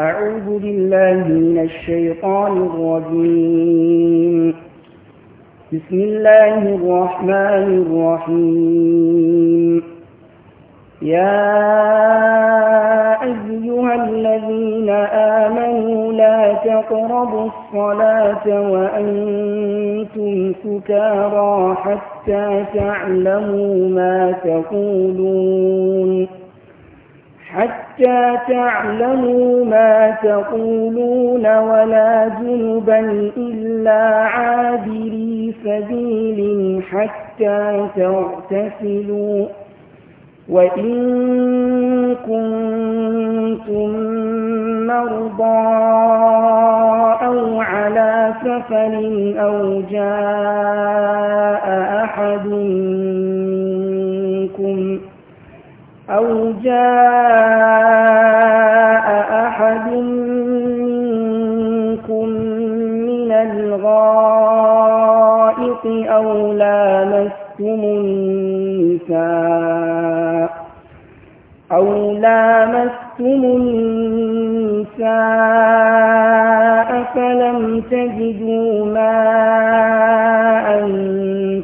أعوذ بالله من الشيطان الرجيم بسم الله الرحمن الرحيم يا أيها الذين آمنوا لا تقربوا الصلاة وأنتم سكارى حتى تعلموا ما تقولون حتى تعلموا ما تقولون ولا جنبا إلا عابري سبيل حتى تغتسلوا وإن كنتم مرضى أو على سفر أو جاء أحد منكم أو جاء أحد منكم من الغائط أو لامستم النساء أو لامستم النساء فلم تجدوا ماءً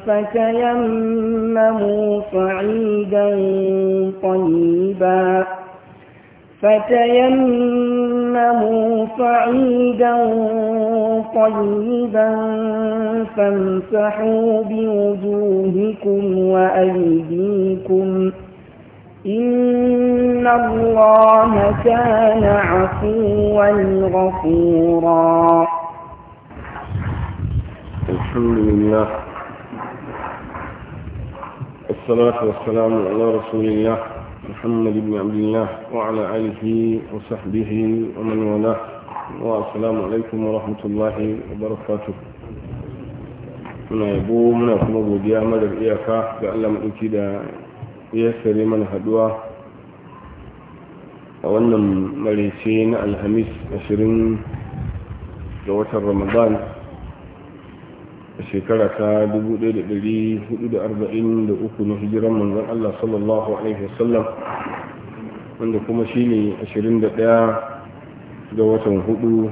فتيمموا صعيدا طيبا فتيمموا صعيدا طيبا فامسحوا بوجوهكم وأيديكم إن الله كان عفوا غفورا الحمد لله الصلاة والسلام على رسول الله محمد بن عبد الله وعلى آله وصحبه ومن والاه والسلام عليكم ورحمة الله وبركاته muna yabo muna kuma godiya madar iyaka ga Allah maɗauki da ya sare mana haduwa a wannan marece na alhamis ashirin ga watan a shekara ta 1443 na hijiran manzon Allah sallallahu alaihi wasallam wanda kuma shi da 21 ga watan hudu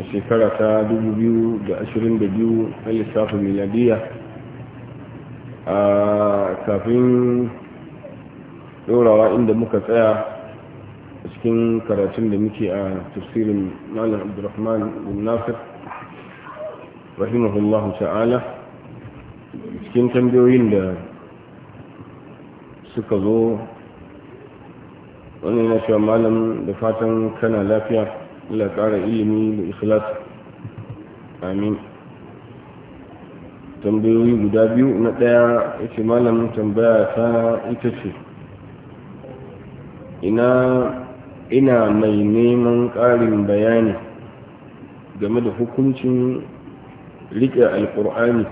a shekara ta 2022 a lissafin miladiya a kafin ɗorawa inda muka tsaya a cikin karatun da muke a tafsirin malam abdurrahman bin nasir rahimahullahu ta'ala cikin tambayoyin da suka zo wani yana cewa malam da fatan kana lafiya Allah ƙara ilimi da ikhlas amin tambayoyi guda biyu na ɗaya ya malam tambaya ta ita ce ina ina mai neman ƙarin bayani game da hukuncin riƙe alƙur'ani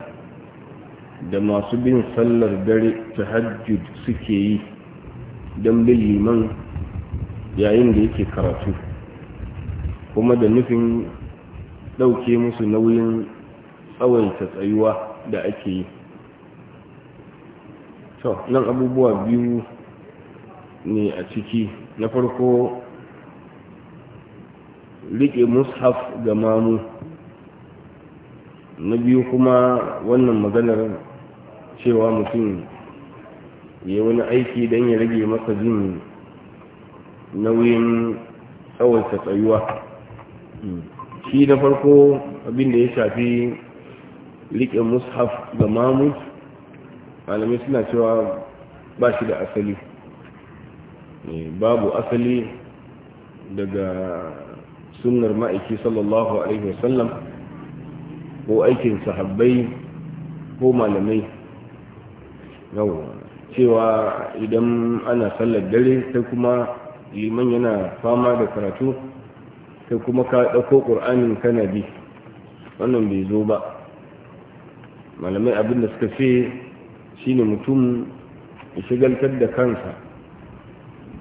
da masu bin sallar dare ta hajjud suke yi don bin liman yayin da yake karatu kuma da nufin ɗauke musu nauyin tsawaita tsayuwa da ake yi to nan abubuwa biyu ne a ciki na farko riƙe mushaf ga mamu na biyu kuma wannan maganar cewa mutum ya wani aiki don ya rage masa jin nauyin tsawaita tsayuwa shi na farko abinda ya shafi riƙe mushaf ga mamu malamai suna cewa ba shi da asali eh, babu asali daga sunnar ma'aiki sallallahu alaihi wasallam ko aikin sahabbai ko malamai yawa cewa idan ana sallar dare sai kuma liman yana fama da karatu sai kuma ka ɗauko ƙur'anin kana bi wannan bai zo ba malamai abin da suka ce shine mutum ya shigaltar da kansa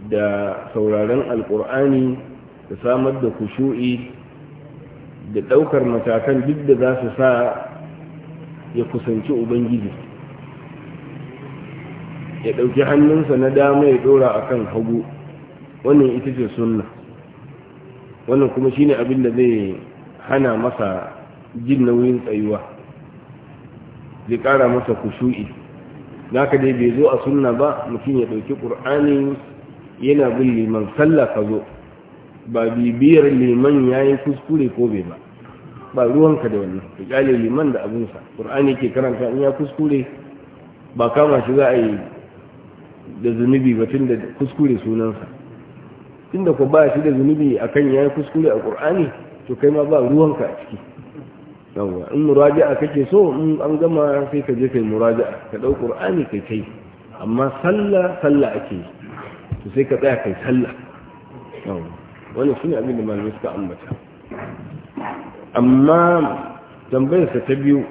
da sauraren alƙur'ani da samar da kushu'i da ɗaukar matakan duk da za su sa ya kusanci ubangiji ya ɗauki hannunsa na dama ya ɗora a kan hagu wannan ita ce sunna wannan kuma shine abin da zai hana masa jin nauyin tsayuwa zai kara masa kushu'i za ka dai bai zo a sunna ba mutum ya ɗauki ƙur'ani yana bin liman sallah ka zo ba bibiyar liman ya yi kuskure ko bai ba ba ruwanka da wannan ya kyale liman da abinsa ƙur'ani ke karanta in ya kuskure ba kama shi za a yi da zunubi ba tun da kuskure sunansa tun da ku ba shi da zunubi akan ya yi kuskure a ƙur'ani to kai ma ba ruwanka a ciki yawwa in muraja'a kake so in an gama sai ka je kai muraja'a ka dau qur'ani kai kai amma sallah sallah ake to sai ka tsaya kai sallah yawwa shi ne abin da malamai suka ambata amma tambayarsa ta biyu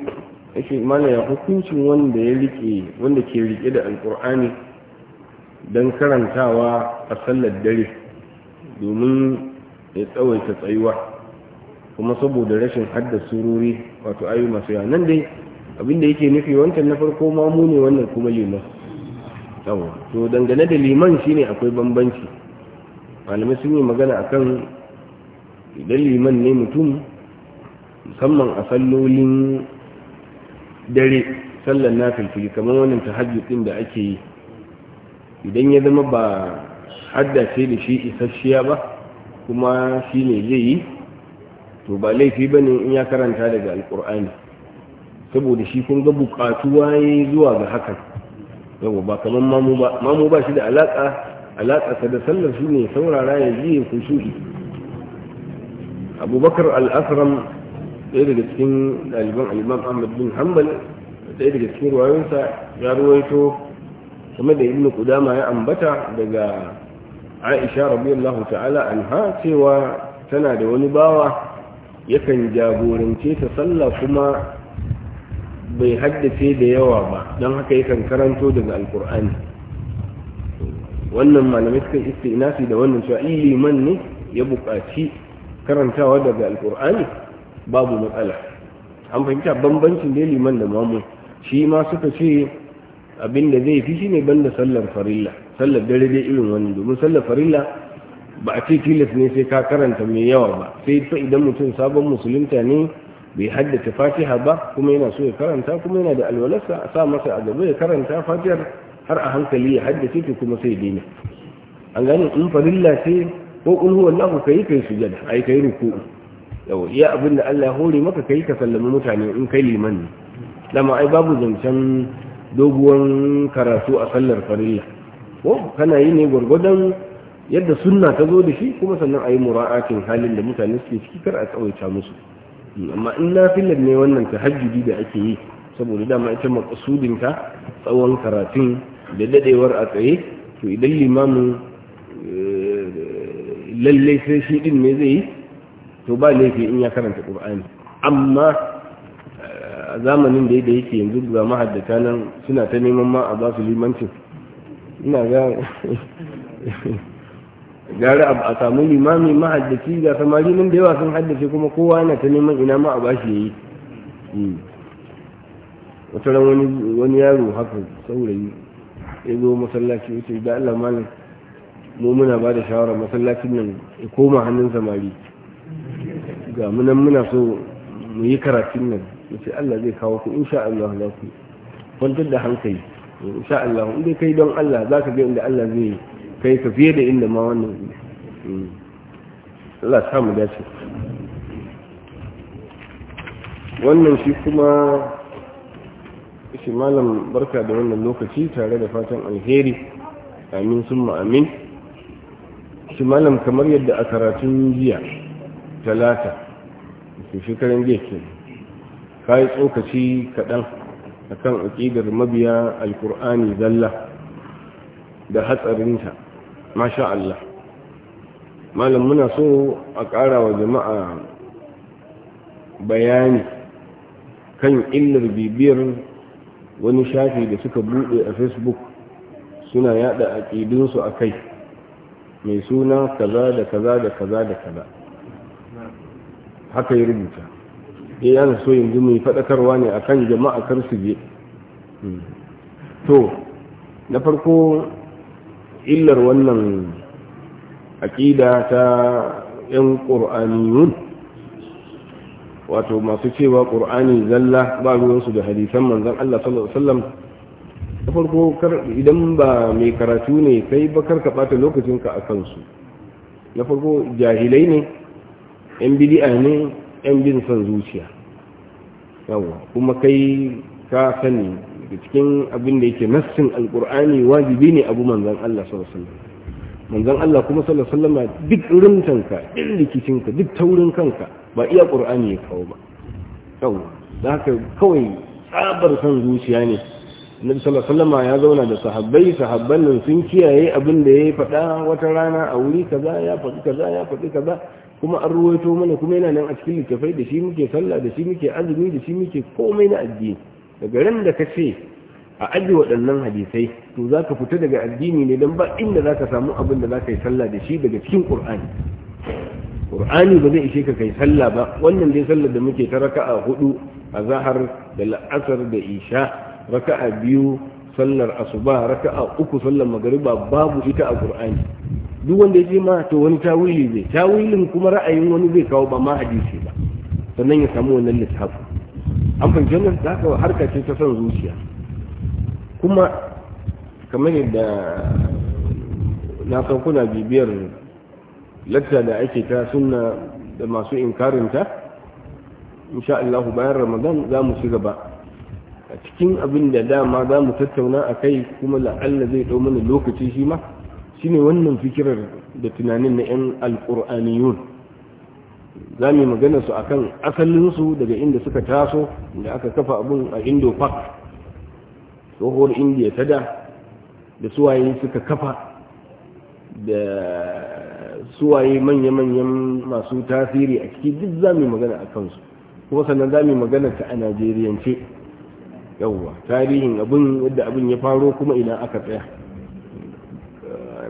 yake mana ya hukuncin wanda ya rike wanda ke rike da alkur'ani don karantawa a sallar dare domin ya tsawaita tsayuwa kuma saboda rashin hadda sururi wato ayu masu yawa nan dai abinda yake nufi wancan na farko mamu ne wannan kuma liman to dangane da liman shine akwai bambanci malamai sun yi magana a kan idan liman ne mutum musamman a sallolin dare sallan na filfili kamar wannan ta ɗin da ake yi idan ya zama ba haddace da shi isasshiya ba kuma shi ne zai yi to ba laifi ba ne in ya karanta daga alkur'ani saboda shi kun ga bukatuwa ya zuwa ga hakan yau ba kamar mamu ba shi da alaƙa alaƙarsa da sallar shi ne saurara ya ji ya kusuri abubakar al'asram ɗaya daga cikin ɗaliban al'imam ahmad bin hanbal ɗaya daga cikin ruwayoyinsa ya ruwaito kuma da ibnu kudama ya ambata daga aisha rabiyallahu ta'ala anha cewa tana da wani bawa yakan jagorance ta sallah kuma bai haddace da yawa ba don haka yakan karanto daga alkur'ani wannan malamai suka istinafi da wannan cewa in liman ne ya buƙaci karantawa daga alkur'ani babu matsala an fahimta bambancin da liman da mamu shi ma suka ce abin da zai fi shi ne banda sallar farilla sallar dare dai irin wani domin sallar farilla ba a ce tilas ne sai ka karanta mai yawa ba sai fa idan mutum sabon musulunta ne bai haddace fatiha ba kuma yana so ya karanta kuma yana da alwalarsa a sa masa a gaba ya karanta fatihar har a hankali ya haddace ta kuma sai daina an ganin in farilla ce ko kul huwa allah kai kai sujada ai kai ruku yau ya abin da Allah ya hore maka kai ka sallami mutane in kai liman ne dama ai babu zancen doguwan karatu a sallar farilla ko kana yi ne gwargwadon yadda sunna ta zo da shi kuma sannan a yi mura'atin halin da mutane suke ciki kar a tsawaita musu amma in na filar ne wannan tahajjudi da ake yi saboda dama ita makasudinta tsawon karatun da dadewar a tsaye to idan limamin eh, lalle sai shi din mai zai yi to ba laifi in ya karanta ƙur'ani amma eh, a zamanin da yake yanzu ga mahaddata nan suna ta neman ma a ba su limancin ina ga gara a samu limami mahaddaci ga samari nan da yawa sun haddace kuma kowa yana ta neman ina ma a bashi yayi hmm. wata ran wani yaro haka saurayi ya zo masallaci ya ce da Allah malam mu muna ba da shawara masallacin nan ya koma hannun samari ga munan muna so mu yi karatun nan ya ce Allah zai kawo ku insha Allah za ku kwantar da hankali insha Allah inda kai don Allah za ka ga inda Allah zai kai ka fiye da inda ma wannan hmm. Allah samu dace wannan shi kuma shi malam barka da wannan lokaci tare da fatan alheri amin sun amin shi malam kamar yadda a karatun jiya talata su shekarun jiya ke ka yi tsokaci kaɗan a kan aƙidar mabiya alkur'ani zalla da hatsarinta masha Allah malam muna so a ƙara wa jama'a bayani kan illar bibiyar wani shafi da suka bude a facebook suna yada aƙidunsu a kai mai suna kaza da kaza da kaza da kaza haka ya rubuta ya eh, yana so ji mai faɗakarwa ne akan jama'a kar su je hmm. to na farko illar wannan aƙida ta 'yan ƙur'aniyun wato masu cewa ƙur'ani zalla ba ruwansu da hadisan manzan Allah sallallahu alaihi wasallam farko idan ba mai karatu ne kai ba karka bata lokacinka a kansu na farko jahilai ne yan bidi'a ne yan bin son zuciya yawa kuma kai ka sani da cikin abin da yake nassin alkur'ani wajibi ne abu manzan Allah sallallahu alaihi wasallam manzan Allah kuma sallallahu alaihi wasallam duk rintanka duk rikicinka duk taurin kanka ba iya ƙur'ani ya kawo ba kawo da haka kawai tsabar san zuciya ne nabi ya zauna da sahabbai sahabban nan sun kiyaye abin da yi faɗa wata rana a wuri kaza ya faɗi kaza ya faɗi kaza kuma an ruwaito mana kuma yana nan a cikin littafai da shi muke sallah da shi muke azumi da shi muke komai na addini daga ran da ka ce a aji waɗannan hadisai to za ka fita daga addini ne don ba inda za ka samu abin da za ka yi sallah da shi daga cikin ƙur'ani qur'ani ba zai ishe ka kai sallah ba wannan dai sallar da muke ta raka'a hudu a zahar da la'asar da isha raka'a biyu sallar asuba raka'a uku sallar magariba babu ita a qur'ani duk wanda ya ma to wani tawili zai tawilin kuma ra'ayin wani zai kawo ba ma hadisi ba sannan ya samu wannan littafin an fahimci wannan da haka harka ce ta son zuciya kuma kamar yadda na san bibiyar latta da ake ta sunna da masu inkarinta insha Allah bayan ramadan za mu ci gaba a cikin abin da dama za mu tattauna a kai kuma la'alla zai ɗau mana lokaci shi ma shine wannan fikirar da tunanin na 'yan alƙur'aniyun za mu magana su akan asalinsu daga inda suka taso da aka kafa abin a indo park tsohuwar indiya ta da da suwaye suka kafa da suwaye manya-manyan masu tasiri a ciki duk za mu magana a kansu kuma sannan za mu magana ta a najeriyance yauwa tarihin abin yadda abin ya faro kuma ina aka tsaya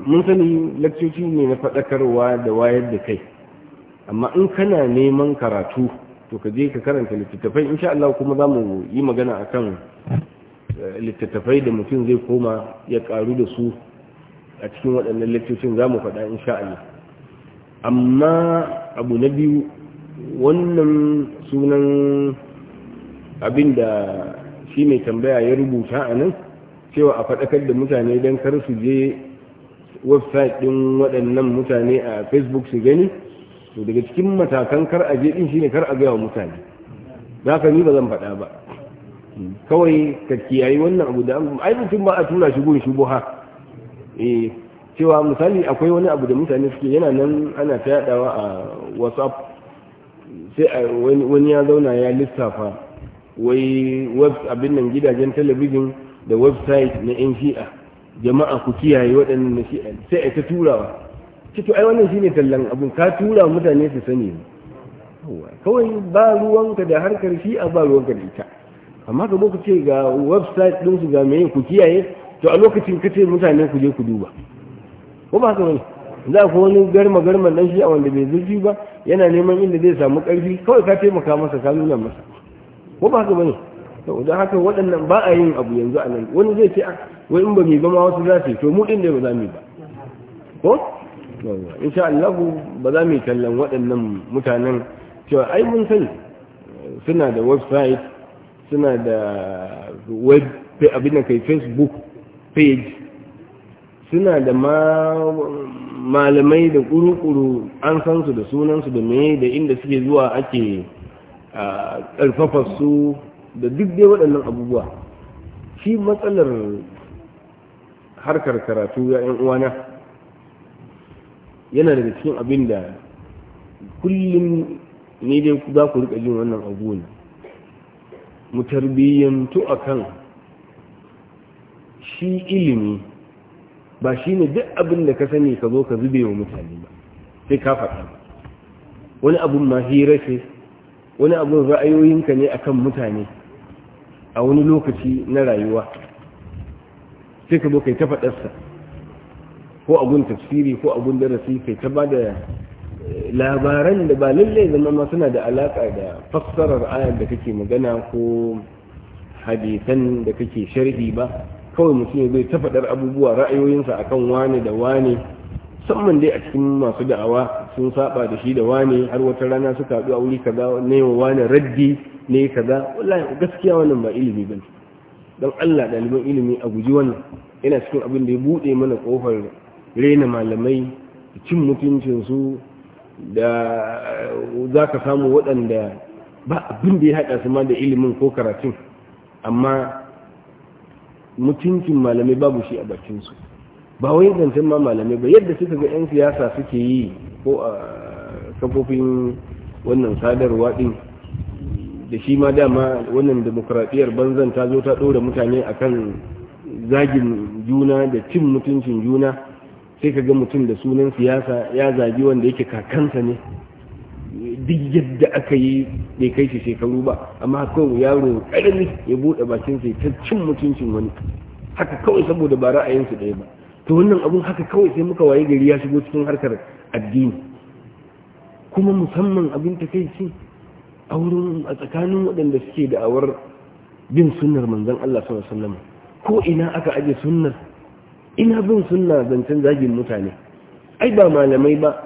mun sani lakcoci ne na faɗakarwa da wayar da kai amma in kana neman karatu to ka je ka karanta littattafai sha Allah kuma za mu yi magana a kan eh, littattafai da mutum zai koma ya karu da su a cikin waɗannan littattafin za mu faɗa sha Allah amma abu na biyu wannan sunan abin da shi mai tambaya ya rubuta a nan cewa a faɗakar da mutane don kar su je website ɗin waɗannan mutane a facebook su gani to daga cikin matakan kar a je ɗin shine kar a gaya wa mutane za ka ni ba zan faɗa ba kawai ka kiyayi wannan abu da ai mutum ba a tura shi gun shubuha eh cewa misali akwai wani abu da mutane suke yana nan ana fyaɗawa a whatsapp sai wani ya zauna ya lissafa wai web abin nan gidajen talabijin da website na yan shi'a jama'a ku kiyaye waɗannan na shi'a sai a ta turawa to ai wannan shine tallan abin ka tura mutane su sani kawai ba ruwanka da harkar shi'a ba ruwanka da ita amma ka zo ce ga website ɗinsu ga mai ku kiyaye to a lokacin ka ce mutane ku je ku duba ko ba haka wani za ku wani garma garma nan shi a wanda bai zurfi ba yana neman inda zai samu karfi kawai ka taimaka masa ka nuna masa ko ba haka bane to da haka waɗannan ba a yin abu yanzu a nan wani zai ce ah, wai in ba mai ba ma wasu za su to mu din ne ba za mu ba ko insha Allah ba za mu kallon waɗannan mutanen cewa ai mun sani suna da website suna da web abin da kai facebook page suna da malamai da kuru an san su da sunansu da me da inda suke zuwa ake karfafa su da duk dai waɗannan abubuwa shi matsalar harkar karatu ya yan uwana yana daga cikin abin da kullum ne dai za ku rika jin wannan abu ne mu tarbiyyantu akan shi ilimi ba shi ne duk abin da ka sani ka zo ka zube wa mutane ba sai ka faɗa wani abin ma hira ce wani abin ra'ayoyinka ne a kan mutane a wani lokaci na rayuwa sai ka zo kai ta faɗarsa ko abun tafsiri ko abun darasi kai ta ba da eh, labaran da ba lallai zama ma suna da alaƙa da fassarar ayar da kake magana ko hadisan da kake sharhi ba kawai mutum zai ta faɗar abubuwa ra'ayoyinsa akan wane da wane musamman dai a cikin masu da'awa sun saba da shi da wane har wata rana suka haɗu a wuri kaza ne wa wane raddi ne kaza wallahi gaskiya wannan ba ilimi ba ne. don Allah ɗaliban ilimi a guji wannan yana cikin abin da ya buɗe mana ƙofar rena malamai cin mutuncinsu da za ka samu waɗanda ba abin da ya haɗa su ma da ilimin ko karatun amma mutuncin malamai babu shi a bakinsu ba wai zancen ma malamai ba yadda suka ga 'yan siyasa suke yi ko a kafofin wannan sadarwa ɗin da shi ma dama wannan demokradiyyar banzan ta zo ta ɗora mutane a kan zagin juna da cin mutuncin juna sai ka ga mutum da sunan siyasa ya zagi wanda yake kakansa ne duk yadda aka yi bai kai shi shekaru ba amma kawai yaro karami ya buɗe bakin sai ta cin mutuncin wani haka kawai saboda ba ra'ayinsu ɗaya ba to wannan abun haka kawai sai muka waye gari ya shigo cikin harkar addini kuma musamman abin takaici a wurin a tsakanin waɗanda suke da'awar bin sunnar manzon Allah sallallahu alaihi wasallam ko ina aka aje sunnar ina bin sunna zancen zagin mutane ai ba malamai ba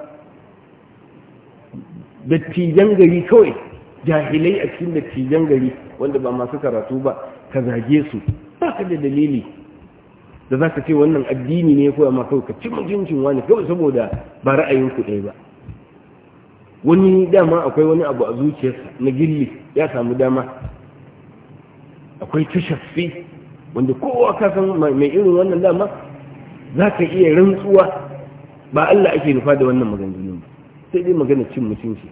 dattijan gari kawai jahilai a cikin dattijan gari wanda ba masu karatu ba ka zage su ba ka da dalili da za ka ce wannan addini ne ko amma kawai ka ci mutuncin wani kawai saboda ba ra'ayin ku ɗaya ba wani dama akwai wani abu a zuciyarsa na gilli ya samu dama akwai tashaffi wanda kowa ka san mai irin wannan dama za ka iya rantsuwa ba Allah ake nufa da wannan maganganu sai dai magana cin mutunci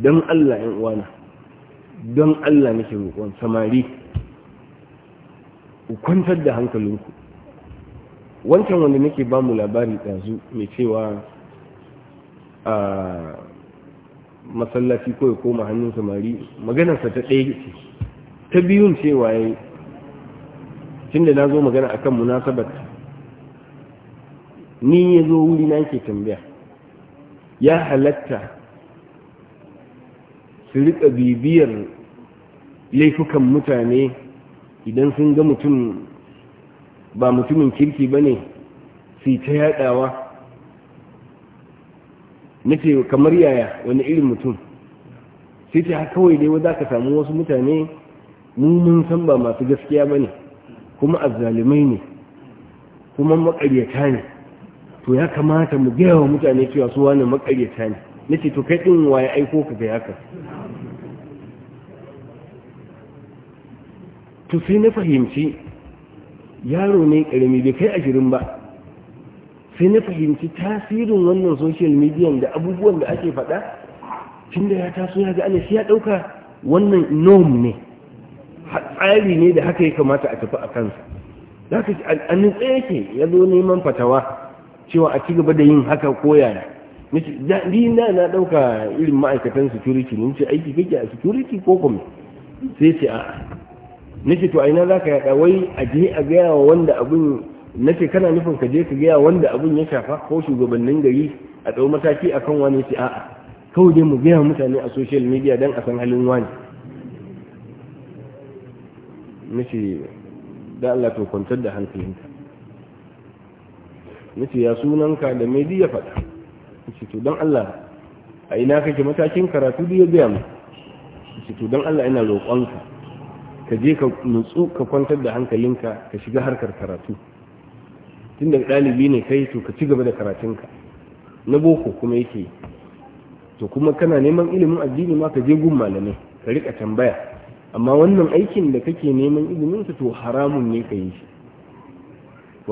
don Allah ‘yan uwana don Allah nake roƙon samari ku kwantar da hankalinku wancan wanda nake ba mu labari ɗazu mai cewa a masallaci ko ya koma hannun samari maganarsa ta ɗaya ce ta biyun cewa ya yi na zo magana akan munasabar ni ya zo wuri na yake tambaya ya halatta su rika bibiyar laifukan mutane idan sun ga mutum ba mutumin kirki ba ne su ta yadawa na kamar yaya wani irin mutum sai ta kawai dai za ka samu wasu mutane mun san ba masu gaskiya ba ne kuma azzalumai ne kuma maƙaryata ne to ya kamata mu gaya wa mutane cewa su wani makaryata ne ce to kai ɗin waye aiko ka ga haka to sai na fahimci yaro ne ƙarami bai kai ashirin ba sai na fahimci tasirin wannan social media da abubuwan da ake faɗa tun da ya taso ya ga ana shi ya ɗauka wannan norm ne tsari ne da haka ya kamata a tafi a kansa za ka an tsaye yake ya zo neman fatawa cewa a ci gaba da yin haka ko yaya ni na na dauka irin ma'aikatan security ne ce aiki kake a security ko kuma sai ce a'a nake to aina ka yada wai a je a gaya wa wanda abin nace kana nufin ka je ka gaya wanda abin ya shafa ko shugabannin gari a tsawon mataki akan wani ce a'a kawai dai mu gaya mutane a social media don a san halin wani nake da Allah to kwantar da hankalinka na ce ya sunanka da mai ya faɗa na to don Allah a ina kake matakin karatu da ya biya mu na ce to don Allah ina roƙonka ka je ka nutsu ka kwantar da hankalinka ka shiga harkar karatu tun da ɗalibi ne kai to ka ci gaba da karatunka na boko kuma yake to kuma kana neman ilimin addini ma ka je gun malamai ka riƙa tambaya amma wannan aikin da kake neman ilimin to haramun ne ka yi shi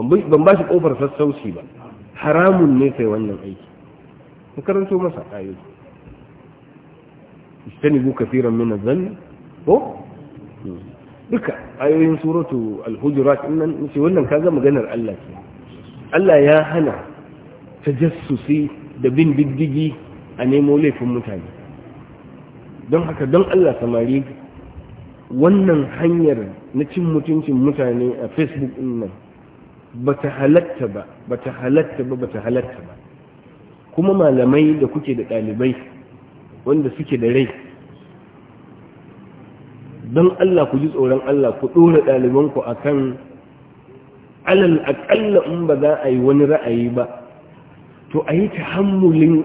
ban ba shi kofar sassauci ba haramun ne sai wannan aiki ka karanto masa ayoyi bu kafiran min adh ko duka ayoyin suratu al-hujurat innan shi wannan kaga maganar Allah ce Allah ya hana tajassusi da bin diddigi a nemo laifin mutane don haka don Allah samari wannan hanyar na cin mutuncin mutane a Facebook nan bata halatta ba bata halatta ba bata halatta ba kuma malamai da kuke da ɗalibai wanda suke da rai don Allah ku ji tsoron Allah ku ɗora ɗalibanku a kan alal aƙalla in ba za a yi wani ra'ayi ba to a yi tahammulin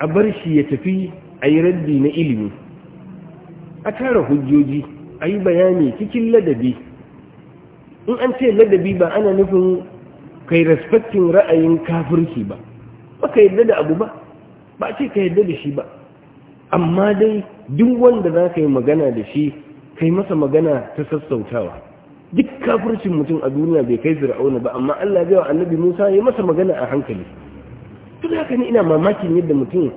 a bar shi ya tafi a yi raddi na ilimi a tara hujjoji a yi bayani cikin ladabi in an ce ladabi ba ana nufin kai respecting ra'ayin kafirci ba ba ka yadda da abu ba ba ce ka yadda da shi ba amma dai duk wanda za ka yi magana da shi kai masa magana ta sassautawa duk kafircin mutum a duniya bai kai fir'auna ba amma Allah bai wa annabi Musa ya masa magana a hankali tun haka ne ina mamakin yadda mutum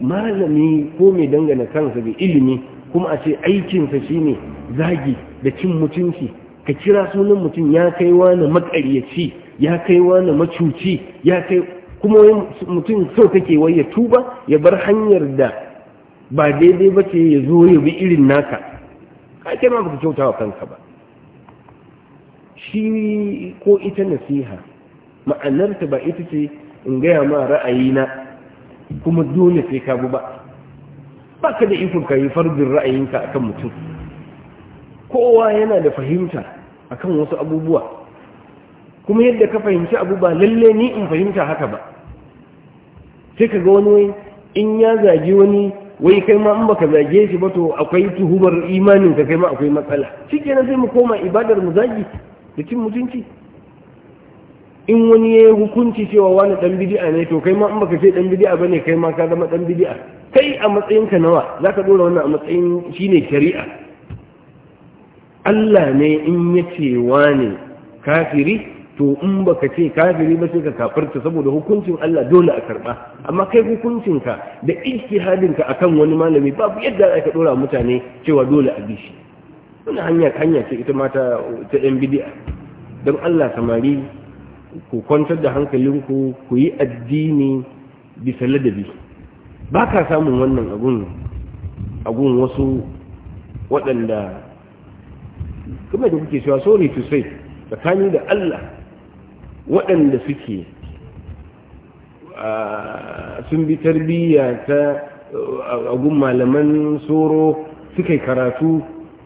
malami ko mai dangana kansa da ilimi kuma a ce aikinsa shine zagi da cin mutunci ka kira sunan mutum ya kai na makaryaci ya kai wani macuci ya kai kuma mutum so kake wai ya tuba ya bar hanyar da ba daidai ba ce ya zo ya bi irin naka ka ce ma baka kyauta wa kanka ba shi ko ita nasiha ma'anarta ba ita ce in gaya ma ra'ayina kuma dole sai ka bu ba ba ka da ikon ka yi farbin ra'ayinka a kan mutum kowa yana da fahimta akan wasu abubuwa kuma yadda ka fahimci abu ba lalle ni in fahimta haka ba sai ka ga wani in ya zagi wani wai kai ma in baka zage shi ba to akwai tuhumar imanin ka kai ma akwai matsala shikenan sai mu koma ibadar mu zagi da cin mutunci in wani ya yi hukunci cewa wani dan bidi'a ne to kai ma in baka ce dan bidi'a bane kai ma ka zama dan bidi'a kai a matsayinka ka nawa zaka dora wannan a matsayin shine shari'a Allah ne in ya ce ne kafiri to in baka ce kafiri ba sai ka kafarta saboda hukuncin Allah dole a karba amma kai hukuncinka da ijtihadinka akan wani malami babu yadda aka dora mutane cewa dole a bi shi wannan hanya hanya ce ita mata ta yan bid'a don Allah samari ku kwantar da hankalinku ku yi addini bisa ladabi ba ka samun wannan abun abun wasu waɗanda kuma da kuke cewa sorry to say tsakani da Allah waɗanda suke sun bi tarbiyya ta agun malaman soro suka karatu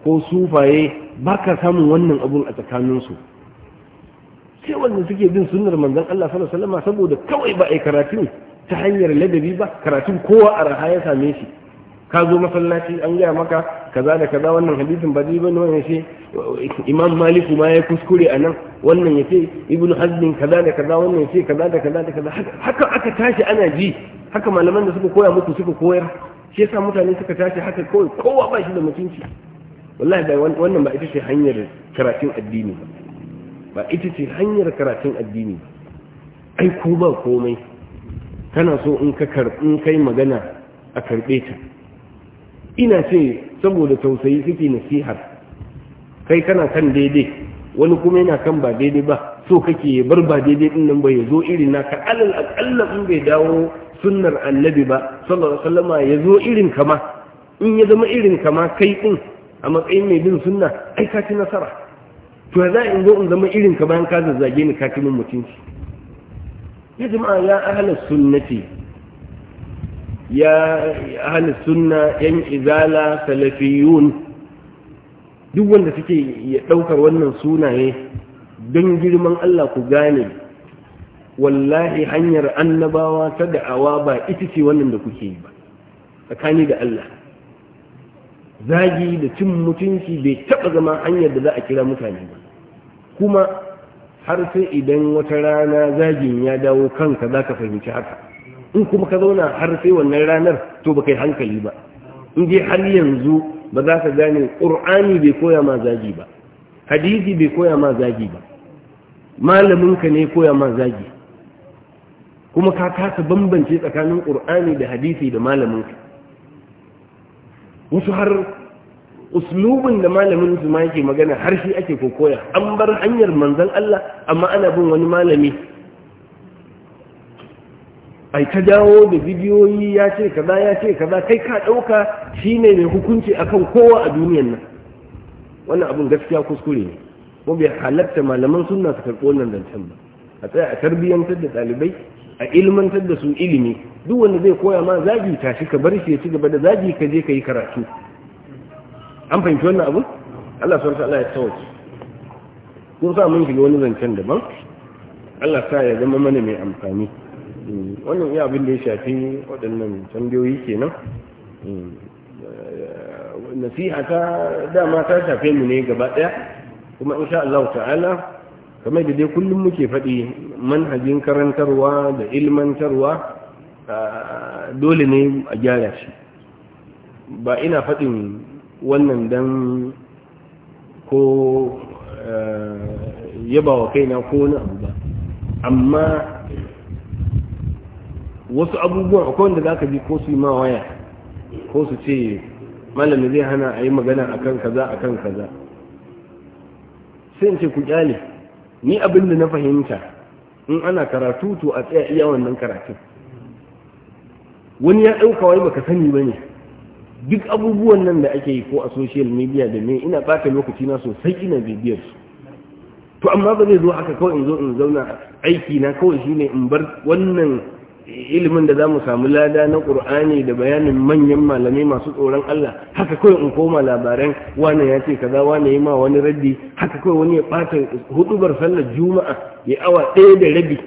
ko sufaye ba ka samun wannan abun a tsakaninsu sai wanda suke bin sunnar manzan Allah sallallahu alaihi saboda kawai ba a karatun ta hanyar ladabi ba karatun kowa a raha ya same shi ka zo masallaci an gaya maka kaza da kaza wannan hadisin ba zai bane wannan shi imam maliku ma ya kuskure a nan wannan ya ce ibnu hazmin kaza da kaza wannan ya ce kaza da kaza da kaza haka aka tashi ana ji haka malaman da suka koya muku suka koyar shi yasa mutane suka tashi haka kawai kowa ba shi da mutunci wallahi da wannan ba ita ce hanyar karatun addini ba ba ita ce hanyar karatun addini ba ai ko ba komai kana so in ka karɓi kai magana a karɓe ta ina ce saboda tausayi suke nasihar kai kana kan daidai wani kuma yana kan ba daidai ba so kake bar ba daidai din nan ba ya zo irin naka alal aqalla in bai dawo sunnar annabi ba sallallahu alaihi wasallama ya zo irin kama in ya zama irin kama kai din a matsayin mai bin sunna ai ka ci nasara to za in zo in zama irin ka bayan ka zazzage ni ka ci min mutunci ya jama'a ya ahlus sunnati ya hana sunna yan izala salafiyun duk wanda suke ya wannan sunaye don girman Allah ku gane wallahi hanyar annabawa ta da'awa ba ita ce wannan da kuke yi ba tsakani da Allah zagi da cin mutunci bai taba zama hanyar da za a kira mutane ba kuma har sai idan wata rana zagin ya dawo kanka za ka fahimci haka in kuma ka zauna har sai wannan ranar to ba yi hankali ba in dai har yanzu ba za ka gane ƙur'ani bai koya ma zagi ba hadisi bai koya ma zagi ba malaminka ne koya ma zagi kuma ka kasa bambance tsakanin ƙur'ani da hadisi da malaminka wasu har uslubin da malamin su ma yake magana har shi ake ko koya. an bar hanyar manzan Allah amma ana bin wani malami ai ta dawo da bidiyoyi ya ce kaza ya ce kaza kai ka ɗauka shine mai hukunci akan kowa a duniyan nan wannan abin gaskiya kuskure ne ko bai halatta malaman sunna su karɓo wannan zancen ba a tsaya a tarbiyyantar da ɗalibai a ilmantar da su ilimi duk wanda zai koya ma zagi tashi ka bar shi ya ci gaba da zagi ka je ka yi karatu an fahimci wannan abin Allah sun Allah ya tsawace kun sa mun shiga wani zancen daban Allah sa ya zama mana mai amfani Mm. wannan iya abin da ya shafi waɗannan tambayoyi kenan mm. eh, nasiha ta dama ta shafe mu ne gaba ɗaya kuma insha Allah ta'ala kamar da dai kullum muke faɗi manhajin karantarwa da ilmantarwa ah, dole ne a gyara shi ba ina faɗin wannan dan ko eh, yaba wa kaina ko wani abu ba amma wasu abubuwan akwai wanda za ka ji ko su yi ma waya ko su ce malami zai hana a yi magana a kan kaza a kan kaza sai in ce ku kyale ni abin da na fahimta in ana karatu to a tsaya iya wannan karatun wani ya ɗauka wai baka sani ba ne duk abubuwan nan da ake yi ko a social media da me ina ɓata lokaci na sosai ina bibiyar su to amma ba zai zo haka kawai in zo in zauna aiki na kawai shine in bar wannan ilimin da za mu samu lada na ƙur'ani da bayanin manyan malamai masu tsoron Allah haka kawai in koma labaran wani ya ce kaza wani ya ma wani raddi haka kawai wani ya ɓata hudubar sallar juma'a ya awa ɗaya da rabi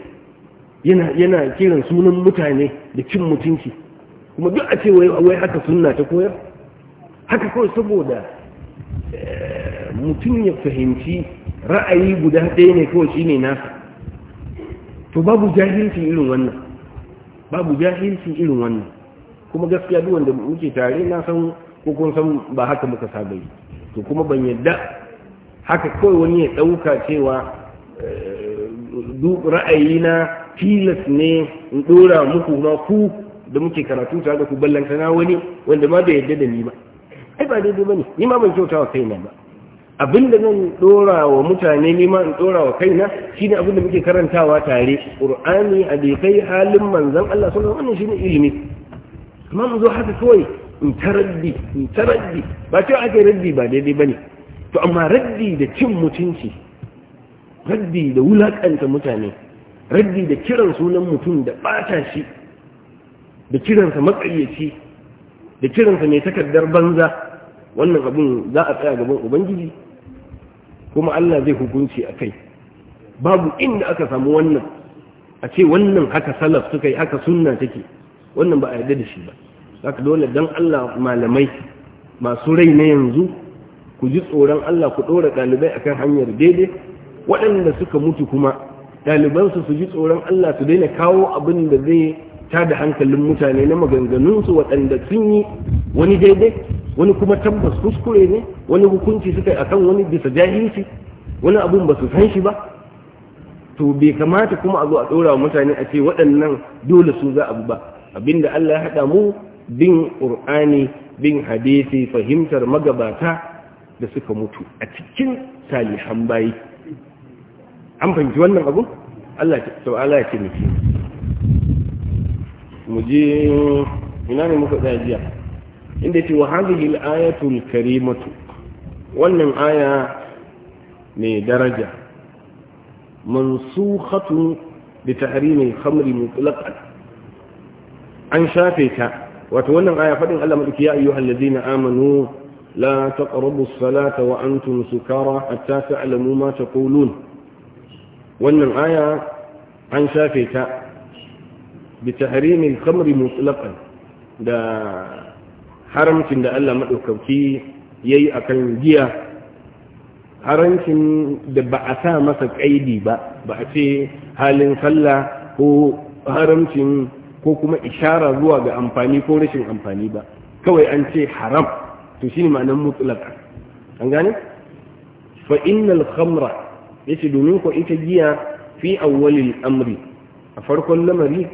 yana yana kiran sunan mutane da cin mutunci kuma duk a ce wai haka sunna ta koyar haka kawai saboda eh, mutum ya fahimci ra'ayi guda ɗaya ne kawai shine nasa to babu jahilci irin wannan babu jahilcin irin wannan kuma gaskiya duk wanda muke tare na san ko kun san ba haka muka saba yi to kuma ban yadda haka kawai wani ya ɗauka cewa eh, duk ra'ayina tilas ne in dora muku ma ku da muke karatu tare da ku ballanta na wani wanda ma bai yadda da ni ba ai ba daidai bane ni ma ban kyautawa kaina ba Abin da zan dora wa mutane nima in dora wa kaina shine abinda muke karantawa tare qur'ani hadisai halin manzon Allah sallallahu alaihi wasallam shine ilimi kuma mun zo haka kawai in taraddi in taraddi ba ce ake raddi ba daidai bane to amma raddi da cin mutunci raddi da wulakanta mutane raddi da kiran sunan mutum da bata shi da kiransa matsayaci da kiransa mai takardar banza wannan abin za a tsaya gaban ubangiji kuma Allah zai hukunci a kai babu inda aka samu wannan a ce wannan haka salaf suka yi haka sunna take wannan ba a yarda da shi ba haka dole dan Allah malamai masu rai na yanzu ku ji tsoron Allah ku ɗora ɗalibai akan hanyar daidai waɗanda suka mutu kuma ɗalibansu su ji tsoron Allah su daina kawo abin da zai ta da hankalin mutane na maganganunsu waɗanda sun yi wani daidai wani kuma tabbas kuskure ne wani hukunci suka yi akan wani bisa jahilci wani abun ba su san shi ba to bai kamata kuma a zo a ɗora wa mutane a ce waɗannan dole su za abu ba abinda Allah ya haɗa mu bin ƙur'ani bin hadisi fahimtar magabata da suka mutu a cikin salihan bayi an fahimci wannan abu Allah ala ya ce mu je ina ne muka tsaya jiya inda ce wa hadhihi al-ayatul karimatu wannan aya mai daraja mansukhatun bi tahrimi al-khamri mutlaqan an shafe ta wato wannan aya fadin Allah madaki ya ayyuhal ladina amanu la taqrabu as-salata wa antum sukara hatta ta'lamu ma taqulun wannan aya an shafe ta bi tahrimi al-khamri mutlaqan da haramcin da Allah maɗaukauki ya yi a kan giya haramcin da ba a sa masa ƙaidi ba ba a ce halin sallah ko haramcin ko kuma ishara zuwa ga amfani ko rashin amfani ba kawai an ce haram to shi ne ma'anar mutlaka an gane fa innal ya ce domin ko ita giya fi awwalil amri a farkon lamari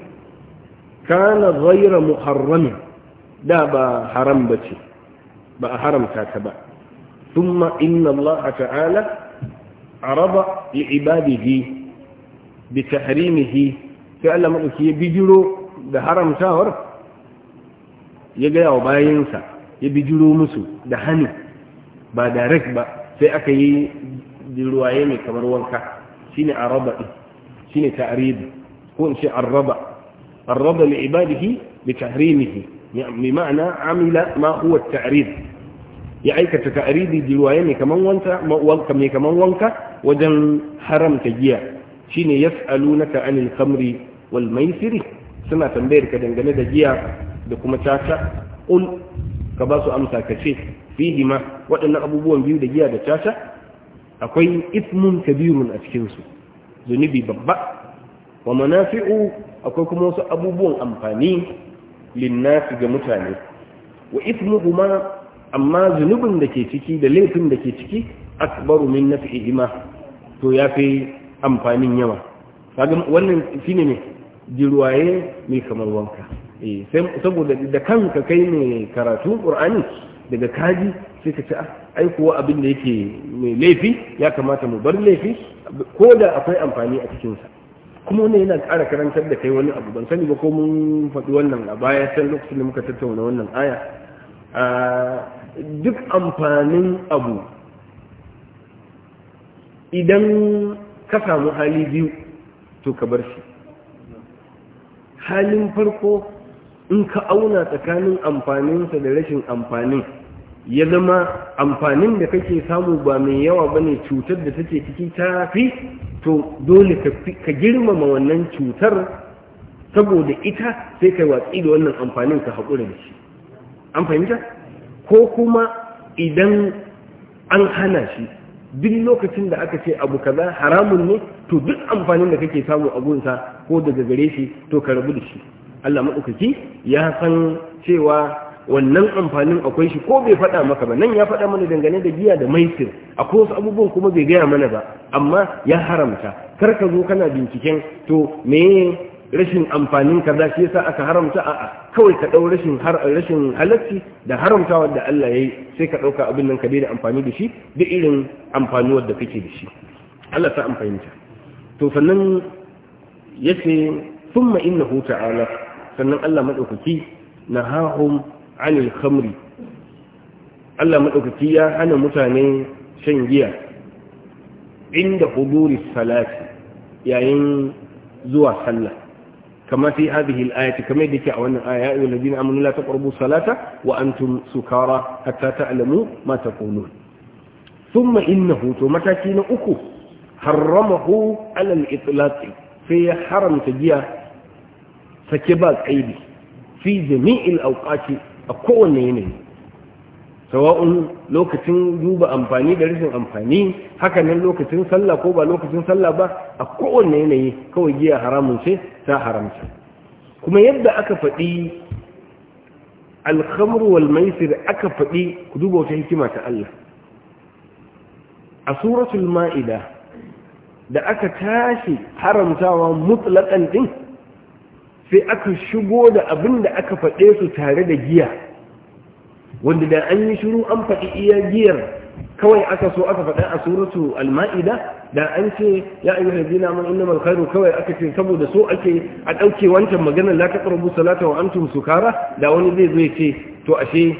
kana ghayra muharramin da ba haram ba ce ba a haramta ta ba thumma inna Allah ta'ala araba li ibadihi bi tahrimihi sai Allah madauki ya bijiro da haramtawar ya ga yawa bayansa ya bijiro musu da hani ba direct ba sai aka yi ruwaye mai kamar wanka shine araba shine ta'rib ko in ce araba araba li ibadihi bi tahrimihi بمعنى عمل ما هو التعريض ya aikata ta'aridi jirwaye ne kaman wanka mai kaman wanka wajen haramta giya shine yas'alunaka anil khamri wal maisiri suna tambayar ka dangane da giya da kuma caca qul ka ba su amsa kace ce fihi ma waɗannan abubuwan biyu da giya da caca akwai ismun Kabiru a cikin su zunubi babba wa manafi'u akwai kuma wasu abubuwan amfani linnasi ga mutane wa ma amma zunubin da ke ciki da laifin da ke ciki akbaru min naf'ihima to yafi amfanin yawa kaga wannan shine ne jirwaye mai kamar wanka eh saboda da kanka kai ne karatu qur'ani daga kaji sai ka ci ah, ai kuwa abin da yake mai laifi ya kamata mu bar laifi ko da akwai amfani a cikin sa kuma wannan yana ƙara karantar da kai wani abu ban sani ba ko mun faɗi wannan a baya can lokacin da muka tattauna wannan aya duk amfanin abu idan ka samu hali biyu to ka bar shi halin farko in ka auna tsakanin amfaninsa da rashin amfanin ya zama amfanin da kake samu ba mai yawa bane cutar da take ciki ta fi to dole ka girmama wannan cutar saboda ita sai kai watsi da wannan amfanin ka haƙura da shi an fahimta ko kuma idan an hana shi duk lokacin da aka ce abu kaza haramun ne to duk amfanin da kake samu a gunsa ko daga gare shi to ka rabu da shi Allah maɗaukaki ya san cewa wannan amfanin akwai shi ko bai faɗa maka ba nan ya faɗa mana dangane da giya da maisir akwai wasu abubuwan kuma bai gaya mana ba amma ya haramta kar ka zo kana binciken to me rashin amfanin kaza shi yasa aka haramta a kawai ka ɗau rashin rashin halacci da haramtawa da Allah yayi sai ka ɗauka abin nan ka daina amfani da shi da irin amfanuwar da kake da shi Allah ta amfanta to sannan yace thumma innahu ta'ala sannan Allah madaukaki nahahum anil khamri Allah madaukaki ya hana mutane shan giya inda huduri salati yayin zuwa sallah kama fi hadhihi al-ayati kama yake a wannan aya ayyuhal ladina amanu la taqrabu salata wa antum sukara hatta ta'lamu ma taqulun thumma innahu to mataki na uku harramahu ala al-itlaq fi haramta giya sake ba fi jami'il awqati a kowane yanayi sawa'un lokacin duba amfani da rashin amfani hakanan lokacin sallah ko ba lokacin sallah ba a kowane yanayi kawai giya haramun ce ta haramta kuma yadda aka faɗi alhamru wal maisir aka faɗi ku duba wata hikima ta Allah a suratul ma'ida da aka tashi haramtawa mutlaqan din sai aka shigo da abin da aka faɗe su tare da giya wanda da an yi shiru an faɗi iya giyar kawai aka so aka faɗa a suratu alma'ida, da an ce ya ayu ladina man innamal karo. kawai aka ce saboda so ake a ɗauke wancan magana la taqrabu salata wa antum sukara da wani zai zo ya ce to ashe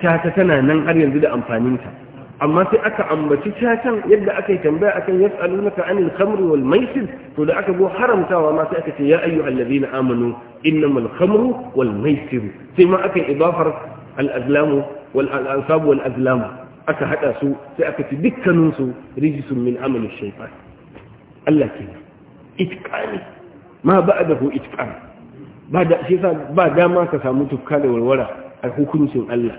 ta ta tana nan har yanzu da amfaninta amma sai aka ambaci cacan yadda aka yi tambaya akan yas'alunaka anil khamri wal maisir to da aka go haramtawa ma sai aka ce ya ayyuhal ladina amanu innamal khamru wal maisir sai ma aka yi idafar al azlamu wal ansabu wal azlamu aka hada su sai aka ci dukkanin su rijisun min amali shaytan Allah ke itqani ma ba'dahu itqan ba da shi ba dama ka samu tufka da warwara a hukuncin Allah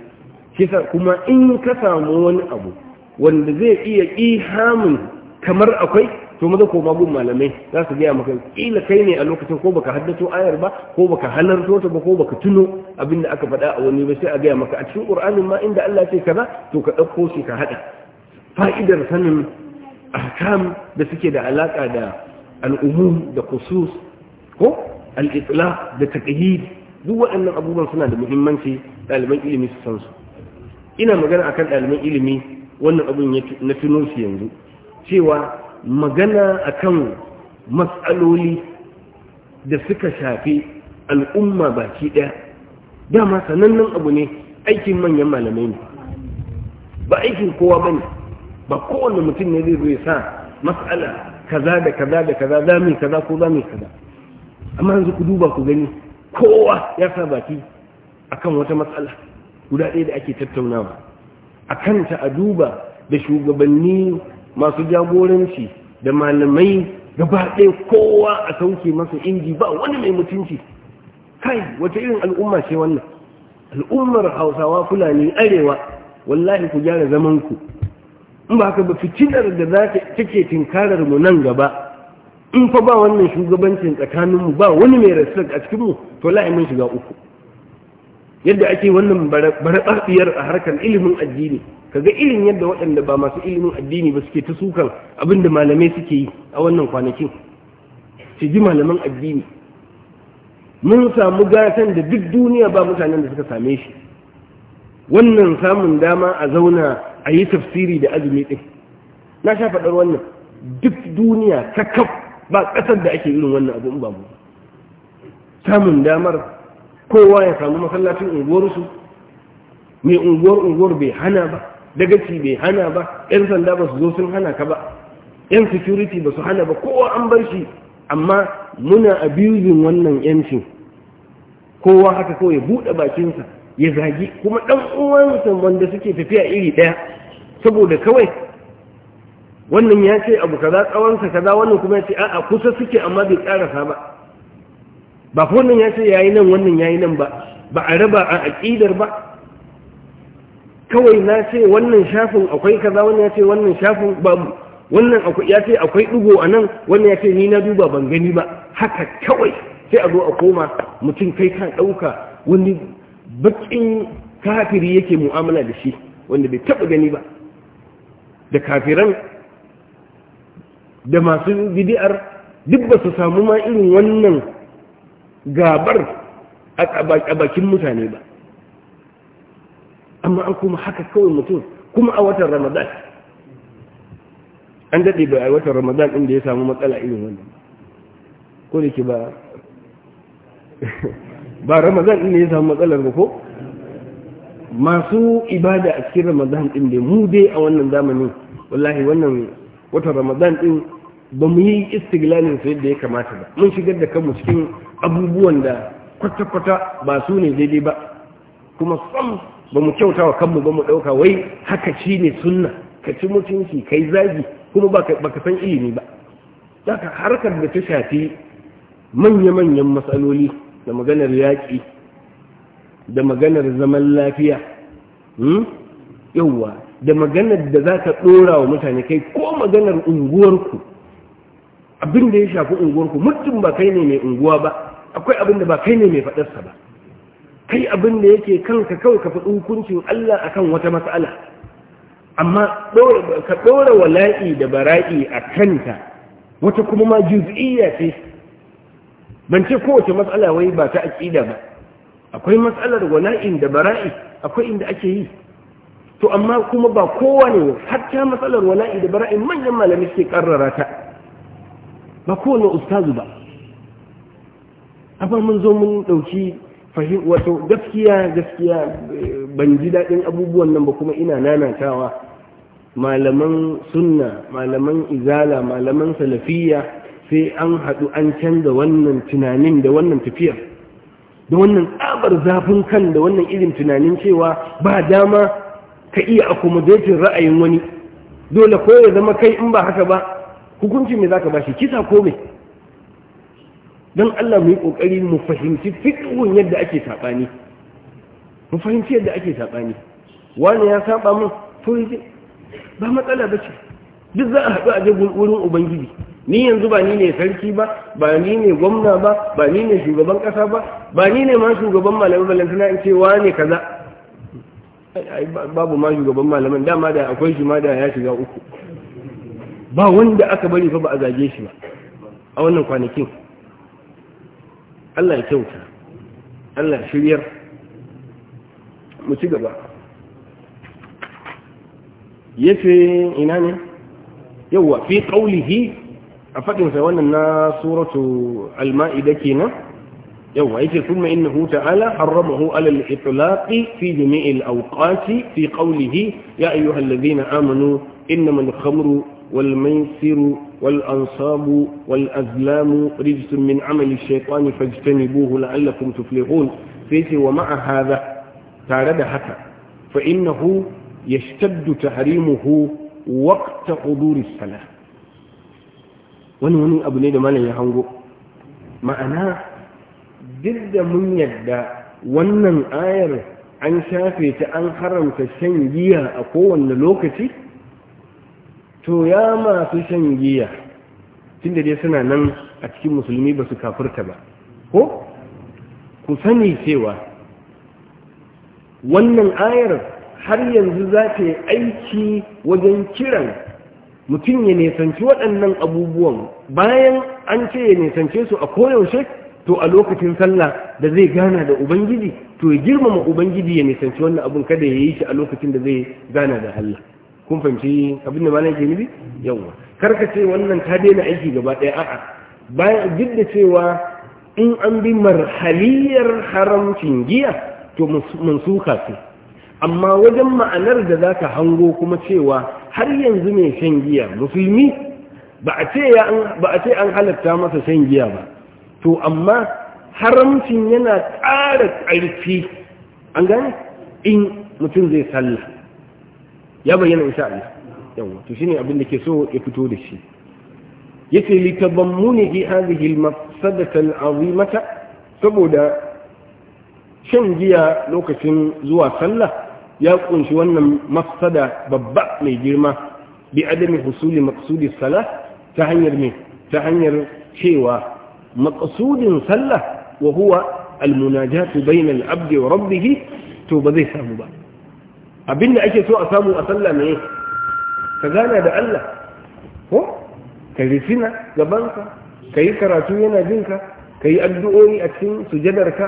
kisa kuma in ka samu wani abu wanda zai iya ihamin kamar akwai to maza ko magun malamai za su gaya maka kila kai ne a lokacin ko baka haddato ayar ba ko baka halarto ta ba ko baka tuno abin da aka faɗa a wani ba sai a gaya maka a cikin qur'anin ma inda Allah ce kaza to ka ɗauko shi ka haɗa fa'idar sanin ahkam da suke da alaka da al'umum da khusus ko al da taqyid duk waɗannan abubuwan suna da muhimmanci ɗaliban ilimi su san su ina magana akan ɗaliban ilimi wannan abin na tuno yanzu cewa magana akan matsaloli da suka shafi al'umma baki ɗaya dama sanannen abu ne aikin manyan malamai ne ba aikin kowa ba ne ba kowane mutum ne zai zai sa matsala kaza da kaza da kaza za mai kaza ko za mai kaza amma yanzu ku duba ku gani kowa ya sa baki akan wata matsala guda ɗaya da ake tattaunawa a kanta a duba da shugabanni masu jagoranci da malamai gaba ɗaya kowa a sauke masa inji ba wani mai mutunci kai wata irin al'umma ce wannan al'ummar hausawa fulani arewa wallahi ku gyara zamanku in ba haka ba fitinar da za ta take tinkarar mu nan gaba in fa ba wannan shugabancin tsakaninmu ba wani mai rasu a cikinmu to la'i shiga uku yadda ake wannan tsafiyar a harkar ilimin addini kaga irin yadda waɗanda ba masu ilimin addini ba suke ta sukan abin da malamai suke yi a wannan kwanakin su ji malaman addini mun samu gatan da duk duniya ba mutanen da suka same shi wannan samun dama a zauna a yi tafsiri da azumi ɗin na sha faɗar wannan duk duniya ta kakaf ba ƙasar da ake irin wannan abin ba mu samun damar kowa ya samu masallacin unguwarsu mai unguwar unguwar bai hana ba dagaci bai hana ba yan sanda ba su zo sun hana ka ba yan security ba su hana ba kowa an bar shi amma muna abusing wannan yancin kowa haka kawai ya buɗe bakinsa ya zagi kuma ɗan uwansa wanda suke tafiya iri ɗaya saboda kawai wannan ya ce abu kaza tsawonsa kaza wannan kuma ya ce a'a kusa suke amma bai karasa ba ba ko ya ce ya yi nan wannan ya yi nan ba ba a raba a aqidar ba kawai na ce wannan shafin akwai kaza wannan ya ce wannan shafin babu wannan ya ce akwai ɗigo a nan wannan ya ce ni na duba ban gani ba haka kawai sai a zo a koma mutum kai kan ɗauka wani baƙin kafiri yake mu'amala da shi wanda bai taɓa gani ba da kafiran da masu bidi'ar duk ba su samu ma irin wannan gabar a bakin mutane ba amma an kuma haka kawai mutum kuma a watan ramadan an daɗe ba a watan ramadan inda ya samu matsala irin wannan ko da ke ba ba ramadan inda ya samu matsalar ba ko masu ibada a cikin ramadan ɗin da mu dai a wannan zamanin wallahi wannan watan ramadan ɗin ba mu yi istiglalin su yadda ya kamata ba mun shigar da kanmu cikin abubuwan da kwata-kwata ba su ne daidai ba kuma sam ba mu kyauta wa kanmu ba mu ɗauka wai haka ci ne sunna ka ci mutunci kai zagi kuma ba ka san ilimi ba haka harkar da ta shafi manya-manyan matsaloli da maganar yaƙi da maganar zaman lafiya hmm? yauwa da maganar da za ka ɗora wa mutane kai ko maganar unguwarku abin da ya shafi unguwarku mutum ba kai ne mai unguwa ba akwai abin da ba kai ne mai faɗarsa ba kai abin da yake kanka kawai ka faɗi hukuncin Allah akan wata matsala amma ka ɗora wala'i da bara'i a kanta wata kuma ma juz'iyya ce ban ce kowace matsala wai ba ta aƙida ba akwai matsalar wala'in da bara'i akwai inda ake yi to amma kuma ba kowane ne hatta matsalar wala'i da bara'i manyan malami suke ƙarrara ta ba kowane ustazu ba amma mun zo mun ɗauki fahim wato gaskiya gaskiya eh, ban ji daɗin abubuwan nan ba kuma ina nanatawa malaman sunna malaman izala malaman salafiyya sai an haɗu an canza wannan tunanin da wannan tafiyar da wannan tsabar zafin kan da wannan irin tunanin cewa ba dama ka iya accommodating ra'ayin wani dole ko ya zama kai in ba haka ba hukuncin me zaka bashi kisa ko me don Allah mu yi kokari mu fahimci fikin yadda ake saɓani mu fahimci yadda ake saɓani wani ya saɓa mun to ba matsala ba ce duk za a haɗu a jagun wurin ubangiji ni yanzu ba ni ne sarki ba ba ni ne gwamna ba ba ni ne shugaban ƙasa ba ba ni ne ma shugaban malamin balantana in ce wane kaza babu ma shugaban malaman dama da akwai shi ma da ya shiga uku ba wanda aka bari fa ba a zage shi ba a wannan kwanakin Allah ya kyauta Allah ya shiryar mu ci gaba yace ina ne yawa fi qawlihi a fadin sa wannan na suratu al-ma'ida kenan yawa yace kuma innahu ta'ala harramahu 'ala al-itlaq fi jami'i al-awqati fi qawlihi ya ayyuhalladhina amanu innama al-khamru والميسر والأنصاب والأزلام رجس من عمل الشيطان فاجتنبوه لعلكم تفلحون فيه ومع هذا تارد حتى فإنه يشتد تحريمه وقت حضور الصلاة ونون أبو نيد ما لي هنغو معنا جد من يدى ونن آير عن شافية أن حرمت الشنجية أقوى أن لوكتي to ya masu shan giya tunda dai suna nan a cikin musulmi ba su kafurta ba ko ku sani cewa wannan ayar har yanzu za ta yi aiki wajen kiran mutum ya nisanci waɗannan abubuwan bayan an ce ya nesance su a koyaushe to a lokacin sallah da zai gana da ubangiji to ya girmama ubangiji ya nisanci wannan abun kada ya yi shi a lokacin da zai gana da Allah kun fahimci abin da malam ke nufi yawa karka ce wannan ta daina aiki gaba ɗaya a'a bayan duk da cewa in an bi marhaliyar haramcin giya to mansuka su. amma wajen ma'anar da za ka hango kuma cewa har yanzu mai shan giya musulmi ba a ce an halatta masa shan giya ba to amma haramcin yana ƙara ƙarfi an gane in mutum zai sallah ya bayyana insha Allah yawa to shine abin da ke so ya fito da shi yace li muni hadhihi al-mafsadata al-azimata saboda shan giya lokacin zuwa sallah ya kunshi wannan mafsada babba mai girma bi adami husuli maqsudi salah ta hanyar me ta hanyar cewa maqsudin sallah wa huwa al-munajatu bayna al-abdi wa rabbih to ba zai samu ba Abin da ake so a samu a sallah ne ka gana da Allah ko ka rufina gabanka ka yi karatu yana jinka ka yi addu'o'i a cikin sujadarka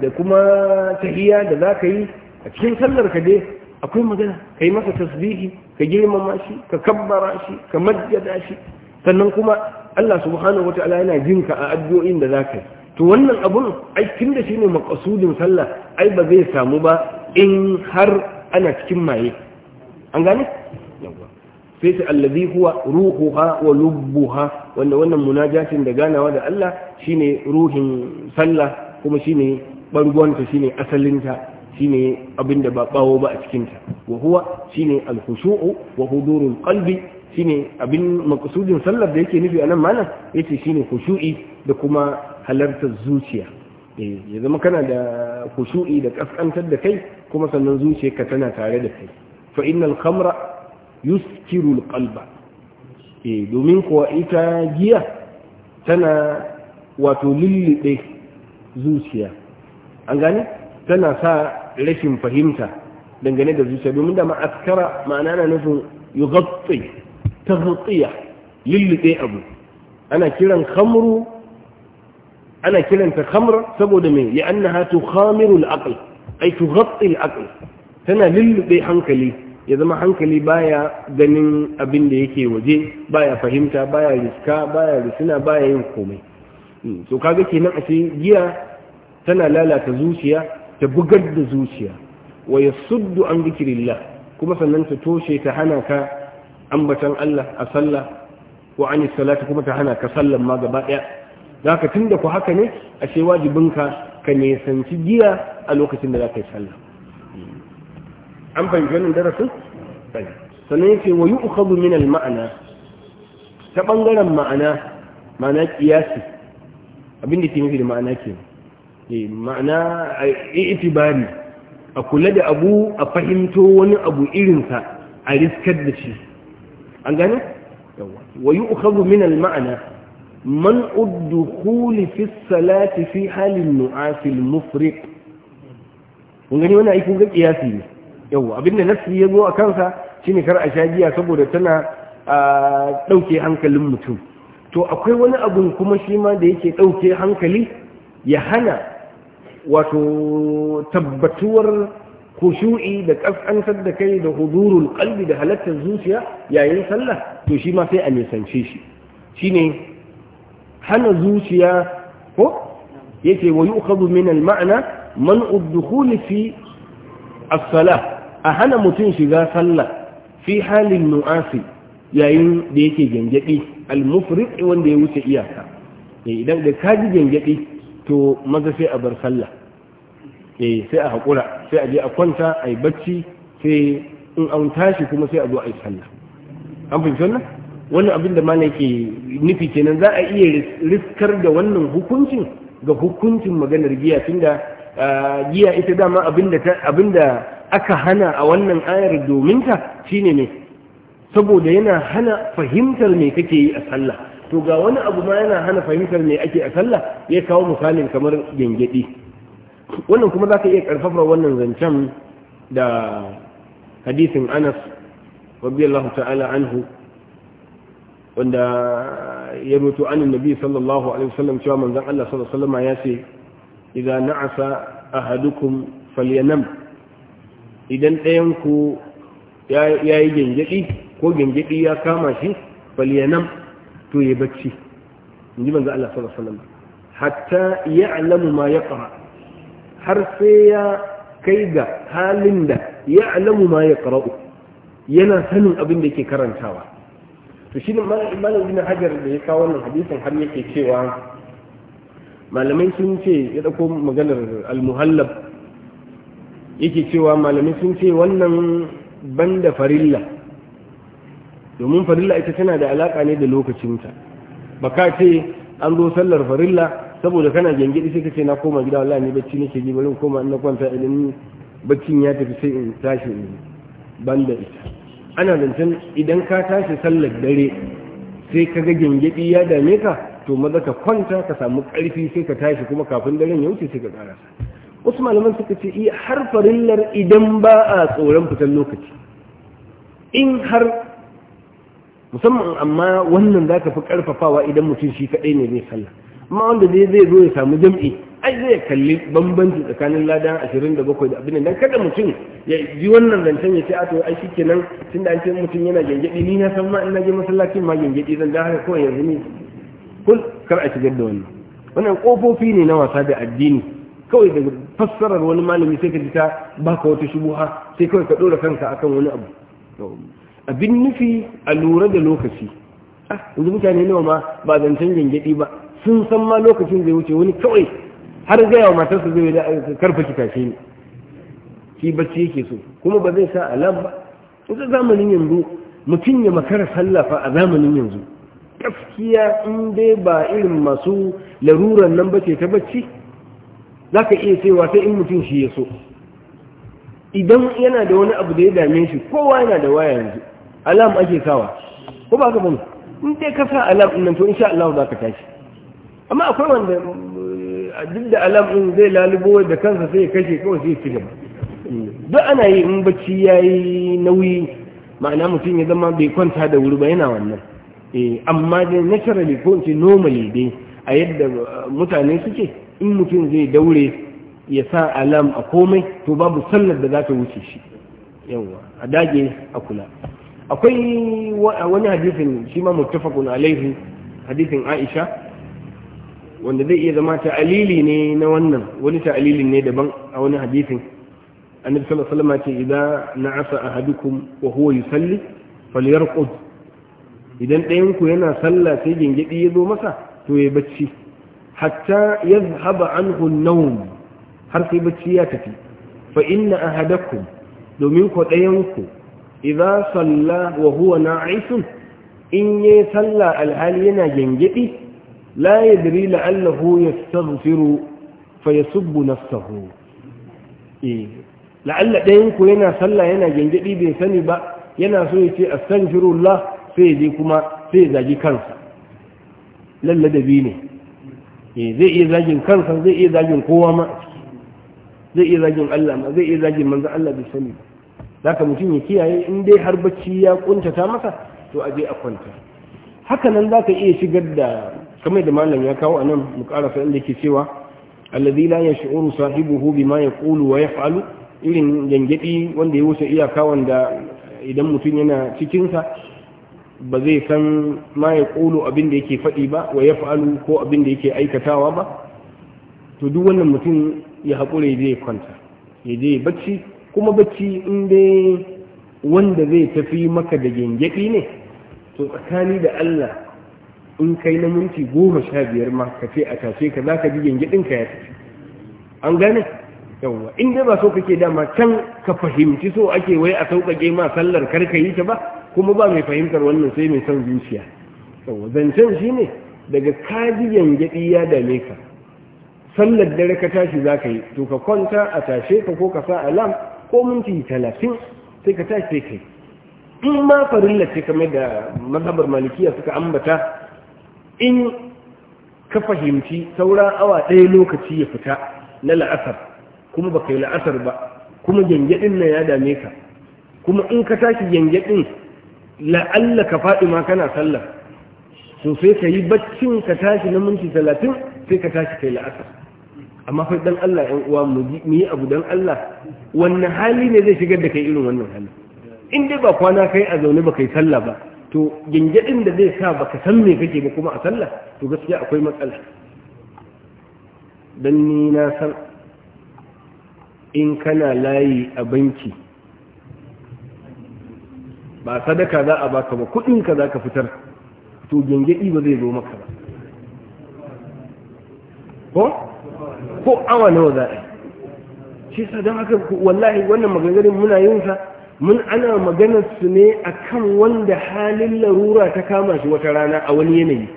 da kuma tahiya da za ka yi a cikin sallar ka dai akwai magana ka yi masa tasbihi ka girmama shi ka kabbara shi ka majjada shi sannan kuma Allah subhanahu wa ta'ala yana jinka a addu'o'in da za ka yi to wannan abun ai tun da shine makasudin sallah ai ba zai samu ba in har ana cikin maye an gane sai ta allazi huwa ruhuha wa lubbuha wanda wannan munajatin da ganawa da Allah shine ruhin sallah kuma shine bargonta shine asalinta shine abinda ba bawo ba a cikin ta wa huwa shine al-khushu'u wa hudurul qalbi shine abin maqsudin sallar da yake nufi anan mana, yace shine khushu'i da kuma halartar zuciya Eh, ya zama kana da kushu'i da kaskantar da kai kuma sannan zuciyarka tana tare da kai fa innal khamra yuskiru alqalba eh domin kuwa ita giya tana wato lillide zuciya an gane tana sa rashin fahimta dangane da zuciya domin da ma'askara ma'ana na nufin yughatti taghtiya lillide abu ana kiran khamru ana kiranta khamra saboda mai ya annaha tukhamiru al-aql ay tughatti al-aql tana lullube hankali ya zama hankali baya ganin abin da yake waje baya fahimta baya riska baya risina baya yin komai hmm, To kaga kenan ase giya tana lalata zuciya ta bugar da zuciya wa yasuddu an zikrillah kuma sannan ta toshe ta hana ka ambatan Allah a sallah wa an salati kuma ta hana ka sallan ma gaba daya za ka tun da ku haka ne ashe wajibinka ka nesanci giya a lokacin da za ka yi sallah an fahimci wannan darasin sannan yake wa yu'khadhu min al-ma'ana ta bangaren ma'ana ma'ana kiyasi abin da ke nufi da ma'ana ke eh, ma'ana itibari a kula da abu a fahimto wani abu irinsa a riskar da shi an gane wa yu'khadhu min al-ma'ana man الدخول fi الصلاة fi halin النعاس المفرق kun gani wannan ai kun ga kiyasi yawa abinda nafsi ya zo a kansa shine kar a sha giya saboda tana dauke hankalin mutum to akwai wani abun kuma shi ma da yake dauke hankali ya hana wato tabbatuwar khushu'i da kaskantar da kai da huzurul qalbi da halattar zuciya yayin sallah to shi ma sai a nisance shi shine hana zuciya ko yake wa yu'khadhu min ma'ana man udkhuli fi as-salah a hana mutum shiga sallah fi halin nu'asi yayin da yake gangadi al wanda ya wuce iyaka eh, idan da kaji gangadi to maza sai a bar sallah eh sai a hakura sai a je a kwanta ai bacci sai in an tashi kuma sai a zo a yi sallah an fahimci wani abin da mana nufi kenan za a iya riskar da wannan hukuncin ga hukuncin maganar giya tunda giya ita dama abin da aka hana a wannan ayar dominta shine ne saboda yana hana fahimtar me kake yi a sallah to ga wani abu ma yana hana fahimtar me ake a sallah ya kawo misalin kamar gengedi wannan kuma za ka iya karfafa wannan zancen da hadisin anas rabiyallahu ta'ala anhu wanda ya rutu an annabi sallallahu alaihi wasallam cewa manzan Allah sallallahu alaihi wasallam ya ce idza na'asa ahadukum falyanam idan ɗayan ku ya yi gengedi ko gengedi ya kama shi falyanam to ya bacci inji manzan Allah sallallahu alaihi wasallam hatta ya'lamu ma yaqra har sai ya kai ga halin da ya'lamu ma yaqra yana sanin abin da yake karantawa to shi ne malamin hajar da ya kawo wannan hadisin har yake cewa malamai sun ce ya dauko maganar al-muhallab yake cewa malamai sun ce wannan banda farilla domin farilla ita tana da alaka ne da lokacinta baka ce an zo sallar farilla saboda kana gengedi sai ka ce na koma gida wallahi ne bacci nake ji bari koma na kwanta idan baccin ya tafi sai in tashi in banda ita ana zancen idan ka tashi sallar dare sai ka ga gingidi ya dame ka to maza ka kwanta ka samu ƙarfi sai ka tashi kuma kafin daren ya wuce sai ka tsara. wasu malaman suka ce iya har farillar idan ba a tsoron fitar lokaci in har musamman amma wannan za ka fi ƙarfafawa idan mutum shi kaɗai ne zai sallah amma wanda zai zo ya samu jam'i ai zai kalli bambanci tsakanin ladan 27 da abin da kada mutum ya ji wannan zancen ya ce a aiki kenan tun da an ce mutum yana gyangyaɗi ni na san ma ina je masallacin ma gyangyaɗi zan da haka kawai yanzu ne kun kar a shigar da wannan wannan kofofi ne na wasa da addini kawai daga fassarar wani malami sai ka ji ta baka wata shubuha sai kawai ka dora kanka akan wani abu abin nufi a lura da lokaci ah, yanzu mutane nawa ma ba zancen gyangyaɗi ba sun san ma lokacin zai wuce wani kawai har gaya wa matarsa zai da karfa ki tashi ne shi bacci yake so kuma ba zai sa alam ba kusa zamanin yanzu mutum ya makara sallafa a zamanin yanzu gaskiya in dai ba irin masu laruran nan bace ta bacci za ka iya cewa sai in mutum shi ya so idan yana da wani abu da ya dame shi kowa yana da waya yanzu alam ake sawa ko ba ka bani in dai ka sa alam in nan to insha Allah za ka tashi amma akwai wanda duk da alam ɗin zai lalubo da kansa sai ya kashe kawai sai ya ci duk ana yi in bacci ya yi nauyi ma'ana mutum ya zama bai kwanta da wuri ba yana wannan eh, amma dai naturally ko ce normally dai a yadda uh, mutane suke in mutum zai daure ya sa alam a komai to babu sallar da za ta wuce shi yawa a dage a kula akwai wani hadisin shi ma mutafakun alaihi hadisin Aisha wanda zai iya zama ta'alili ne na wannan wani ta'alilin ne daban a wani hadisin annabi sallallahu alaihi wasallam ce idan na'asa ahadukum wa huwa yusalli falyarqud idan ɗayan ku yana sallah sai gingidi ya zo masa to ya bacci hatta yazhaba anhu an-nawm har sai bacci ya tafi fa inna ahadakum domin ku ɗayan ku idza salla wa huwa na'isun in yayi sallah alhali yana gingidi la yadri la'allahu yastaghfiru fa yasubbu nafsahu eh la'alla ɗayan ku yana sallah yana gengedi bai sani ba yana so ya ce astaghfirullah sai je kuma sai ya zagi kansa lalladabi ne eh zai iya zagin kansa zai iya zagin kowa ma zai iya zagin Allah ma zai iya zagin manzo Allah bai sani ba zaka mutum ya kiyaye in dai har bacci ya kuntata masa to a je a kwanta haka nan zaka iya shigar da kamar da malam ya kawo anan mu karasa inda yake cewa allazi la yash'uru sahibuhu bima yaqulu wa yaf'alu irin gangadi wanda ya wuce iyaka wanda idan mutum yana cikin sa ba zai san ma ya ƙulu abin da yake faɗi ba wa ya fa'alu ko abin da yake aikatawa ba to duk wannan mutum ya ya zai kwanta ya je bacci kuma bacci in dai wanda zai tafi maka da gyangyaɗi ne to tsakani da Allah in kai na minti goma sha biyar ma ka ce a tashe ka za ka ji gingidin ka ya tafi an gane yawwa in dai ba so kake dama can ka fahimci so ake wai a sauƙaƙe ma sallar kar ka yi ta ba kuma ba mai fahimtar wannan sai mai son zuciya yawwa zancen shi ne daga ka ji ya dame ka sallar dare ka tashi za ka yi to ka kwanta a tashe ka ko ka sa alam ko minti talatin sai ka tashi sai ka yi in ma farilla ce kamar da mazhabar malikiya suka ambata in ka fahimci sauran awa ɗaya lokaci ya fita na la'asar kuma baka yi la'asar ba kuma gyangyaɗin na ya dame ka kuma in ka tashi gyangyaɗin la'alla ka faɗi ma kana sallah to sai ka yi baccin ka tashi na minti talatin sai ka tashi kai la'asar amma fa dan Allah ɗan uwa mu yi abu dan Allah wannan hali ne zai shigar da kai irin wannan hali in dai ba kwana kai a zaune ba kai sallah ba to gingidin da zai sa baka san me kake ba kuma a sallah to gaskiya akwai matsala dan ni na san in kana layi a banki ba sadaka za a baka ba kudin ka za ka fitar to gingidi ba zai zo maka ba ko ko awa nawa za a yi shi sa don haka wallahi wannan maganganun muna yin sa mun ana maganar su ne akan wanda halin larura ta kama shi wata rana a wani yanayi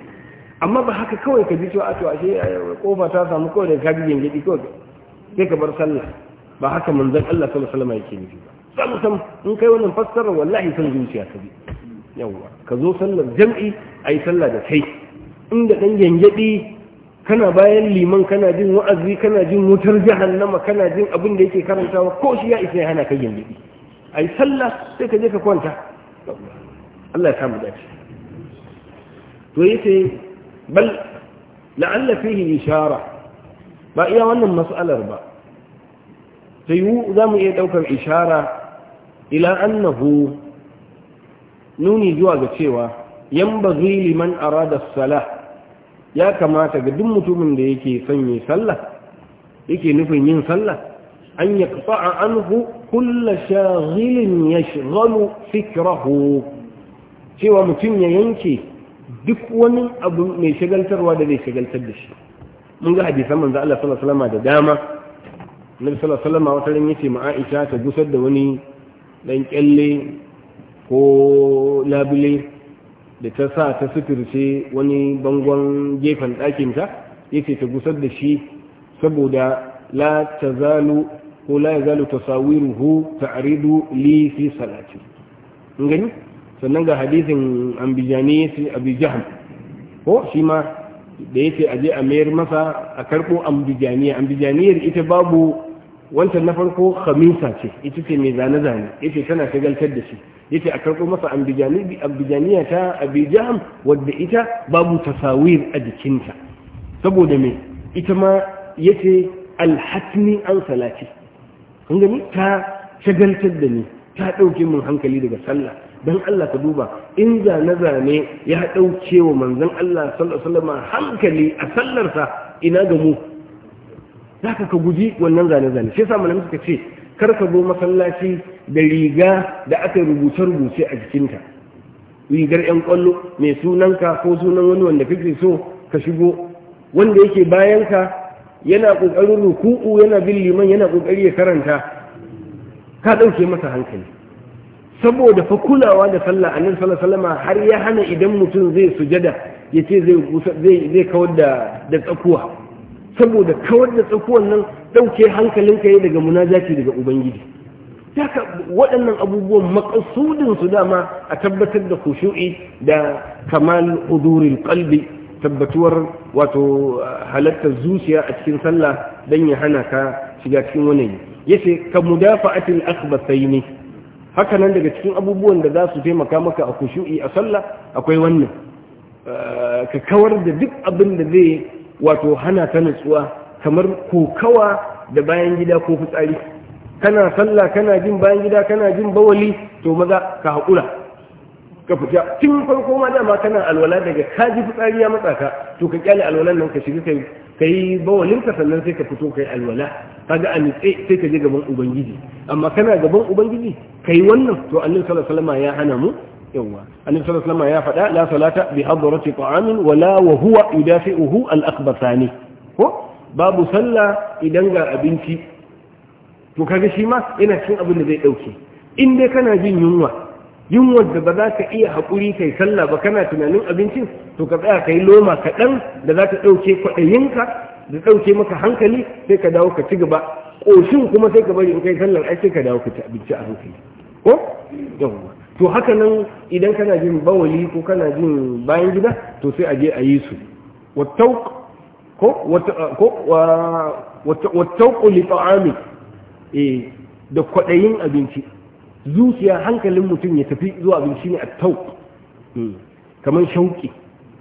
amma ba haka kawai ka ji cewa a ashe eh, kofa ta samu kawai da kabi gidi kawai sai ka bar sallah ba haka manzon Allah sallallahu alaihi wasallam yake nufi ba sam sam in kai wannan fassara wallahi san zuciya ka bi yawa ka zo sallar jam'i ayi sallah da kai inda dan gengedi kana bayan liman kana jin wa'azi kana jin wutar jahannama kana jin abin da yake karantawa ko shi ya isa ya hana ka gengedi a yi sallah sai ka je ka kwanta Allah ya samu dace to yace bal la'alla fihi ishara ba iya wannan mas'alar ba sai za zamu iya ɗaukar ishara ila annahu nuni zuwa ga cewa yanbaghi liman arada as-salah ya kamata ga duk mutumin da yake son yi sallah yake nufin yin sallah an yaqta'a anhu kulla shaghilin yashghalu fikrahu cewa mutum ya yanke duk wani abu mai shagaltarwa da zai shagaltar da shi mun ga hadisan manzo Allah sallallahu alaihi wasallam da dama Nabi sallallahu alaihi wasallam wata ran yace ma Aisha ta gusar da wani dan kyalle ko labule da ta sa ta suturce wani bangon gefen ɗakinta yace ta gusar da shi saboda la tazalu ko la yazalu tasawiruhu ta'ridu li fi salati in sannan ga hadisin ambijani sai abi jahm ko shi ma da yake aje a mayar masa a karbo ambijaniya ambijaniyar ita babu wancan na farko khamisa ce ita ce mai zane zane yace tana shagaltar da shi yace a karbo masa ambijani ambijaniya ta abi jahm wadda ita babu tasawir a jikinta saboda me ita ma yace alhatni an salati kun gani ta shagaltar da ni ta ɗauke min hankali daga sallah don Allah ka duba in zane-zane ya ɗauke wa manzon Allah sallallahu hankali a sallarsa ina ga mu za ka guji wannan zane-zane sai sa malamai suka ce kar ka zo masallaci da riga da aka rubuce-rubuce a jikinta rigar 'yan kwallo mai sunanka ko sunan wani wanda kake so ka shigo wanda yake bayanka yana ƙoƙarin ruku'u yana bin liman yana ƙoƙari ya karanta ka ɗauke masa hankali saboda fa kulawa da sallah a sallallahu alaihi har ya hana idan mutum zai sujada ya ce zai kawar da da tsakuwa saboda kawar da tsakuwan nan ɗauke hankalinka ya daga munajati daga ubangiji haka waɗannan abubuwan makasudin su dama a tabbatar da khushu'i da kamal hudurin qalbi tabbatuwar wato eh, halattar zuciya a cikin sallah dan ya hana ka shiga cikin wani yace ka mudafa'atil akhbathaini haka nan daga cikin abubuwan da za su taimaka maka a shu'i a sallah akwai wannan eh, ka kawar da duk abin da zai wato hana ta nutsuwa kamar kokawa da bayan gida ko fitsari kana sallah kana jin bayan gida kana jin bawali to maza ka haƙura ka fita tun farko ma dama kana alwala daga ka ji fitsari ya matsa ka to ka kyale alwalan nan ka shiga kai kai bawalin ka sannan sai ka fito kai alwala kaga a mitse sai ka je gaban ubangiji amma kana gaban ubangiji kai wannan to annabi sallallahu alaihi wasallam ya hana mu yawa annabi sallallahu alaihi wasallam ya faɗa la salata bi hadrati ta'amin wala wa huwa yudafi'uhu al-akhbathani ko babu sallah idan ga abinci to kaga shi ma yana cin abin da zai dauke in dai kana jin yunwa yin wadda ba za ka iya haƙuri kai sallah ba kana tunanin abincin to ka tsaya ka yi loma kaɗan da za ta ɗauke kwaɗayinka da ɗauke maka hankali sai ka dawo ka ci gaba ƙoshin kuma sai ka bari in kai sallar ai sai ka dawo ka ci abinci a hankali ko yawwa to haka nan idan kana jin bawali ko kana jin bayan gida to sai a je a yi su wattauq ko ko li ta'ami eh da kwaɗayin abinci zuciya hankalin mutum ya tafi zuwa abin ne a tau hmm. kamar shauki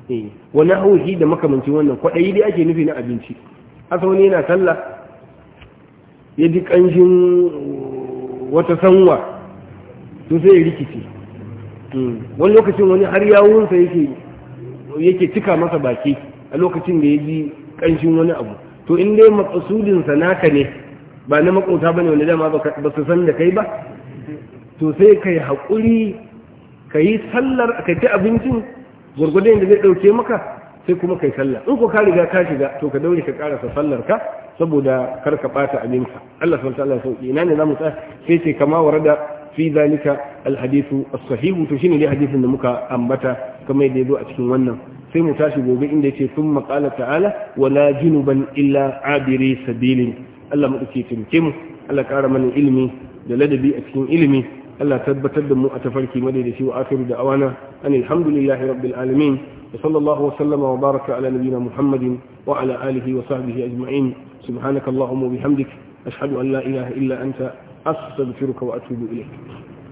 hmm. wani haushi da makamancin wannan kwaɗayi dai ake nufi na abinci asa wani yana sallah ya ji ƙanshin wata sanwa to sai ya rikici hmm. wani lokacin wani har yawunsa yake cika masa baki a lokacin da ya ji ƙanshin wani abu to in dai maƙasudinsa naka ne ba na makota ba ne wani dama ba su san da kai ba to sai ka yi haƙuri ka yi sallar ka ci abincin gwargwadon da zai ɗauke maka sai kuma yi sallah in ko ka riga ka shiga to ka daure ka karasa sallar ka saboda kar ka bata abinka Allah subhanahu wa ta'ala ina ne zamu tsaya sai ce kama rada fi zalika alhadith as sahihu to shine dai hadisin da muka ambata kamar da yazo a cikin wannan sai mu tashi gobe inda yake sun qala ta'ala wala junuban illa abiri sabilin Allah mu dake mu Allah kara mana ilimi da ladabi a cikin ilimi Allah tabbatar da mu a tafarki madaidaci wa akhiru da awana an alhamdulillahi rabbil alamin wa sallallahu wa sallama wa baraka ala nabiyyina muhammadin wa ala alihi wa sahbihi ajma'in subhanaka allahumma wa bihamdik ashhadu an la ilaha illa anta astaghfiruka wa atubu ilai.